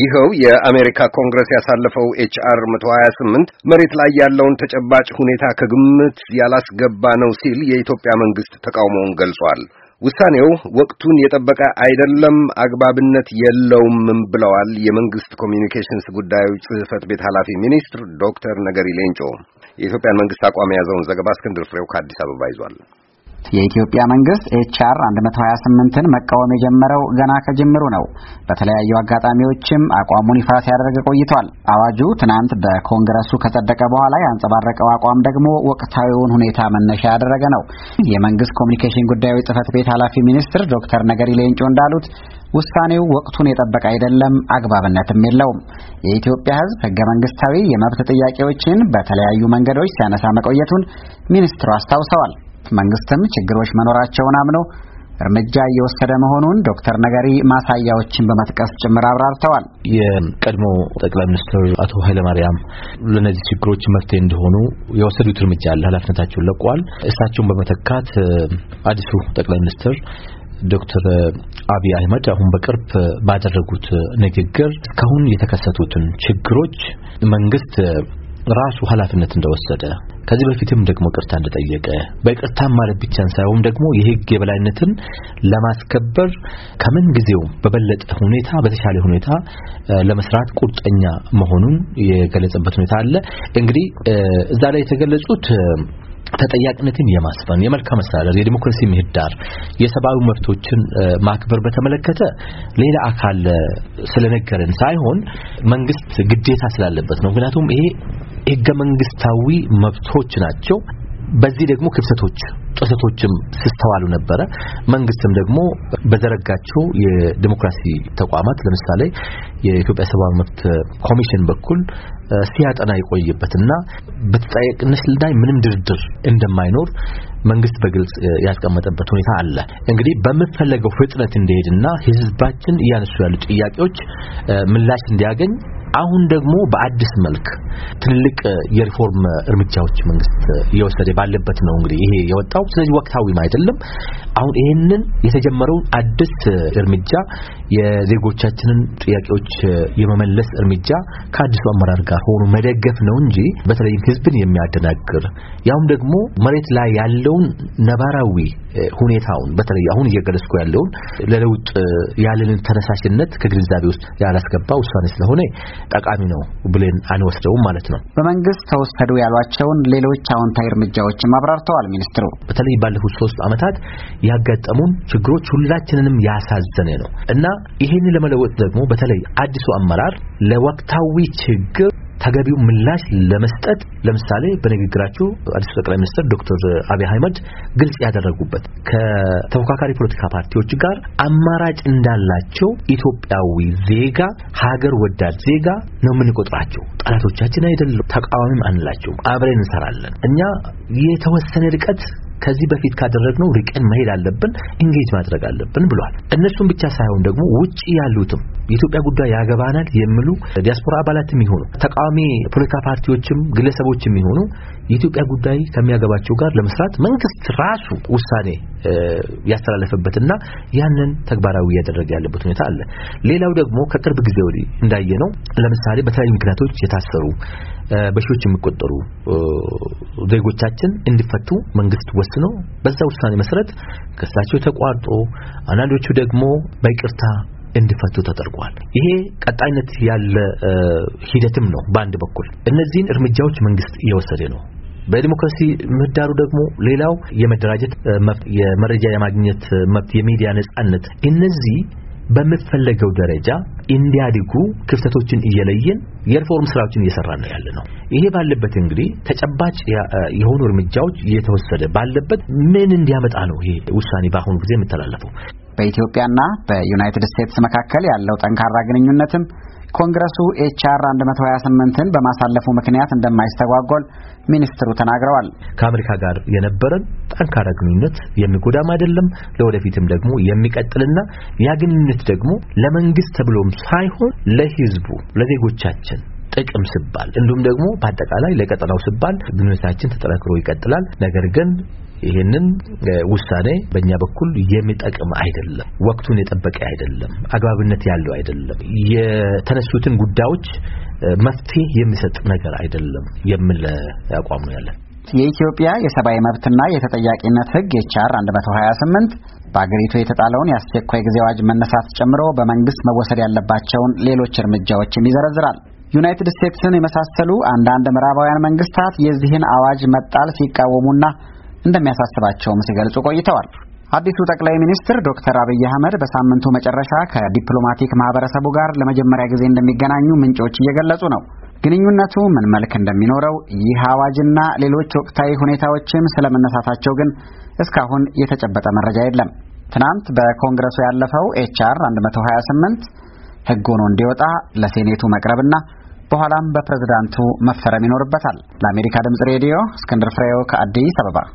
ይኸው የአሜሪካ ኮንግረስ ያሳለፈው ኤች አር 128 መሬት ላይ ያለውን ተጨባጭ ሁኔታ ከግምት ያላስገባ ነው ሲል የኢትዮጵያ መንግስት ተቃውሞውን ገልጿል። ውሳኔው ወቅቱን የጠበቀ አይደለም፣ አግባብነት የለውምም ብለዋል የመንግስት ኮሚኒኬሽንስ ጉዳዮች ጽህፈት ቤት ኃላፊ ሚኒስትር ዶክተር ነገሪ ሌንጮ። የኢትዮጵያን መንግስት አቋም የያዘውን ዘገባ እስክንድር ፍሬው ከአዲስ አበባ ይዟል። የኢትዮጵያ መንግስት ኤችአር 128ን መቃወም የጀመረው ገና ከጅምሩ ነው። በተለያዩ አጋጣሚዎችም አቋሙን ይፋ ሲያደርግ ቆይቷል። አዋጁ ትናንት በኮንግረሱ ከጸደቀ በኋላ ያንጸባረቀው አቋም ደግሞ ወቅታዊውን ሁኔታ መነሻ ያደረገ ነው። የመንግስት ኮሚኒኬሽን ጉዳዮች ጽህፈት ቤት ኃላፊ ሚኒስትር ዶክተር ነገሪ ሌንጮ እንዳሉት ውሳኔው ወቅቱን የጠበቀ አይደለም፣ አግባብነትም የለውም። የኢትዮጵያ ሕዝብ ህገ መንግስታዊ የመብት ጥያቄዎችን በተለያዩ መንገዶች ሲያነሳ መቆየቱን ሚኒስትሩ አስታውሰዋል። መንግስትም ችግሮች መኖራቸውን አምኖ እርምጃ እየወሰደ መሆኑን ዶክተር ነገሪ ማሳያዎችን በመጥቀስ ጭምር አብራርተዋል። የቀድሞ ጠቅላይ ሚኒስትር አቶ ኃይለማርያም ለእነዚህ ችግሮች መፍትሄ እንደሆኑ የወሰዱት እርምጃ አለ። ኃላፊነታቸውን ለቋል። እሳቸውን በመተካት አዲሱ ጠቅላይ ሚኒስትር ዶክተር አብይ አህመድ አሁን በቅርብ ባደረጉት ንግግር እስካሁን የተከሰቱትን ችግሮች መንግስት ራሱ ኃላፊነት እንደወሰደ ከዚህ በፊትም ደግሞ ቅርታ እንደጠየቀ በቅርታ ማለት ብቻን ሳይሆን ደግሞ የሕግ የበላይነትን ለማስከበር ከምን ጊዜው በበለጠ ሁኔታ በተሻለ ሁኔታ ለመስራት ቁርጠኛ መሆኑን የገለጸበት ሁኔታ አለ። እንግዲህ እዛ ላይ የተገለጹት ተጠያቂነትን የማስፈን የመልካም አስተዳደር የዲሞክራሲ ምህዳር የሰብአዊ መብቶችን ማክበር በተመለከተ ሌላ አካል ስለነገረን ሳይሆን መንግስት ግዴታ ስላለበት ነው። ምክንያቱም ይሄ ህገ መንግስታዊ መብቶች ናቸው። በዚህ ደግሞ ክፍተቶች፣ ጥሰቶችም ሲስተዋሉ ነበረ። መንግስትም ደግሞ በዘረጋቸው የዲሞክራሲ ተቋማት ለምሳሌ የኢትዮጵያ ሰብአዊ መብት ኮሚሽን በኩል ሲያጠና የቆየበትና በተጠያቂነት ላይ ምንም ድርድር እንደማይኖር መንግስት በግልጽ ያስቀመጠበት ሁኔታ አለ። እንግዲህ በሚፈለገው ፍጥነት እንዲሄድና ህዝባችን እያነሱ ያሉ ጥያቄዎች ምላሽ እንዲያገኝ አሁን ደግሞ በአዲስ መልክ ትልልቅ የሪፎርም እርምጃዎች መንግስት እየወሰደ ባለበት ነው እንግዲህ ይሄ የወጣው። ስለዚህ ወቅታዊም አይደለም። አሁን ይሄንን የተጀመረውን አዲስ እርምጃ የዜጎቻችንን ጥያቄዎች የመመለስ እርምጃ ከአዲሱ አመራር ጋር ሆኖ መደገፍ ነው እንጂ በተለይም ህዝብን የሚያደናግር ያውም ደግሞ መሬት ላይ ያለውን ነባራዊ ሁኔታውን በተለይ አሁን እየገለጽኩ ያለውን ለለውጥ ያለንን ተነሳሽነት ከግንዛቤ ውስጥ ያላስገባ ውሳኔ ስለሆነ ጠቃሚ ነው ብለን አንወስደውም ማለት ነው። በመንግስት ተወሰዱ ያሏቸውን ሌሎች አዎንታዊ እርምጃዎችም አብራርተዋል ሚኒስትሩ። በተለይ ባለፉት ሶስት ዓመታት ያጋጠሙን ችግሮች ሁላችንንም ያሳዘነ ነው እና ይህን ለመለወጥ ደግሞ በተለይ አዲሱ አመራር ለወቅታዊ ችግር ተገቢው ምላሽ ለመስጠት ለምሳሌ በንግግራቸው አዲሱ ጠቅላይ ሚኒስትር ዶክተር አብይ አህመድ ግልጽ ያደረጉበት ከተፎካካሪ ፖለቲካ ፓርቲዎች ጋር አማራጭ እንዳላቸው ኢትዮጵያዊ ዜጋ ሀገር ወዳድ ዜጋ ነው የምንቆጥራቸው። ጠላቶቻችን አይደለም፣ ተቃዋሚም አንላቸውም። አብረን እንሰራለን። እኛ የተወሰነ ርቀት ከዚህ በፊት ካደረግነው ርቀን መሄድ አለብን፣ ኢንጌጅ ማድረግ አለብን ብሏል። እነሱም ብቻ ሳይሆን ደግሞ ውጪ ያሉትም የኢትዮጵያ ጉዳይ ያገባናል የሚሉ ዲያስፖራ አባላትም ይሆኑ ተቃዋሚ ፖለቲካ ፓርቲዎችም ግለሰቦችም ይሆኑ የኢትዮጵያ ጉዳይ ከሚያገባቸው ጋር ለመስራት መንግስት ራሱ ውሳኔ ያስተላለፈበትና ያንን ተግባራዊ እያደረገ ያለበት ሁኔታ አለ። ሌላው ደግሞ ከቅርብ ጊዜ ወዲህ እንዳየነው ለምሳሌ በተለያዩ ምክንያቶች የታሰሩ በሺዎች የሚቆጠሩ ዜጎቻችን እንዲፈቱ መንግስት ወስኖ በዛ ውሳኔ መሰረት ክሳቸው ተቋርጦ አንዳንዶቹ ደግሞ በይቅርታ እንዲፈቱ ተጠርጓል። ይሄ ቀጣይነት ያለ ሂደትም ነው። በአንድ በኩል እነዚህን እርምጃዎች መንግስት እየወሰደ ነው። በዲሞክራሲ ምህዳሩ ደግሞ ሌላው የመደራጀት መብት፣ የመረጃ የማግኘት መብት፣ የሚዲያ ነጻነት እነዚህ በምትፈለገው ደረጃ እንዲያድጉ ክፍተቶችን እየለየን የሪፎርም ስራዎችን እየሰራ ነው ያለ ነው። ይሄ ባለበት እንግዲህ ተጨባጭ የሆኑ እርምጃዎች እየተወሰደ ባለበት ምን እንዲያመጣ ነው ይሄ ውሳኔ በአሁኑ ጊዜ የምተላለፈው? በኢትዮጵያና በዩናይትድ ስቴትስ መካከል ያለው ጠንካራ ግንኙነትም ኮንግረሱ ኤችአር 128ን በማሳለፉ ምክንያት እንደማይስተጓጎል ሚኒስትሩ ተናግረዋል። ከአሜሪካ ጋር የነበረን ጠንካራ ግንኙነት የሚጎዳም አይደለም፣ ለወደፊትም ደግሞ የሚቀጥልና ያ ግንኙነት ደግሞ ለመንግስት ተብሎም ሳይሆን ለህዝቡ ለዜጎቻችን ጥቅም ስባል እንዲሁም ደግሞ በአጠቃላይ ለቀጠናው ስባል ግንኙነታችን ተጠናክሮ ይቀጥላል። ነገር ግን ይሄንን ውሳኔ በእኛ በኩል የሚጠቅም አይደለም፣ ወቅቱን የጠበቀ አይደለም፣ አግባብነት ያለው አይደለም፣ የተነሱትን ጉዳዮች መፍትሄ የሚሰጥ ነገር አይደለም የሚል አቋም ነው ያለን። የኢትዮጵያ የሰብአዊ መብትና የተጠያቂነት ሕግ ኤችአር 128 በአገሪቱ የተጣለውን የአስቸኳይ ጊዜ አዋጅ መነሳት ጨምሮ በመንግስት መወሰድ ያለባቸውን ሌሎች እርምጃዎችም ይዘረዝራል። ዩናይትድ ስቴትስን የመሳሰሉ አንዳንድ ምዕራባውያን መንግስታት የዚህን አዋጅ መጣል ሲቃወሙና እንደሚያሳስባቸውም ሲገልጹ ቆይተዋል። አዲሱ ጠቅላይ ሚኒስትር ዶክተር አብይ አህመድ በሳምንቱ መጨረሻ ከዲፕሎማቲክ ማህበረሰቡ ጋር ለመጀመሪያ ጊዜ እንደሚገናኙ ምንጮች እየገለጹ ነው። ግንኙነቱ ምን መልክ እንደሚኖረው ይህ አዋጅና ሌሎች ወቅታዊ ሁኔታዎችም ስለመነሳታቸው ግን እስካሁን የተጨበጠ መረጃ የለም። ትናንት በኮንግረሱ ያለፈው ኤችአር 128 ህግ ሆኖ እንዲወጣ ለሴኔቱ መቅረብና በኋላም በፕሬዝዳንቱ መፈረም ይኖርበታል። ለአሜሪካ ድምጽ ሬዲዮ እስክንድር ፍሬው ከአዲስ አበባ